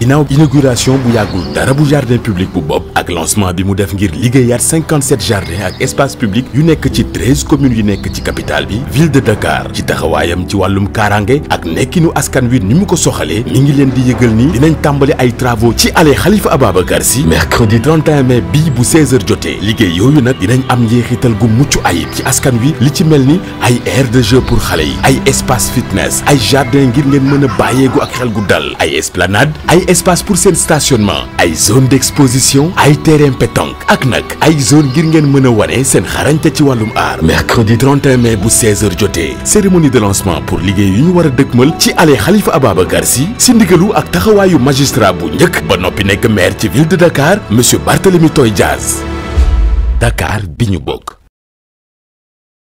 ginnaaw inauguration bu yàggul dara bu jardin public bu bopp ak lancement bi mu def ngir liggéeyaat 57 jardin ak espace public yu nekk ci commune yu nekk ci capital bi ville de Dakar ci taxawaayam ci wàllum kaaraange ak nekkinu askan wi ni mu ko soxalee mi ngi leen di yëgal ni dinañ tàmbali ay travaux ci allée Khalifa Ababacar Sy mercredi 31 mai bii bu 16h jotee liggéey yooyu nag dinañ am njeexital gu mucc ayib ci askan wi li ci mel ni ay aire de jeu pour xale yi ay espace ay jardin ngir ngeen mën a bàyyeegu ak xel gu dal ay espace pour seen stationnement ay zone d'exposition ay terrain pétanque ak nag ay zone ngir ngeen mën a wane seen xarañte ci wàllum aar mercredi 31 mais bu 16h jotee cérémonie de lancement pour liggéey yu ñu war a dëkkmal ci allée Khalifa Ababacar Sy si ndigalu ak taxawaayu magistrat bu njëkk ba noppi nekk maire ci ville de Dakar monsieur Barthélemy Toye Diaz Dakar bi ñu bokk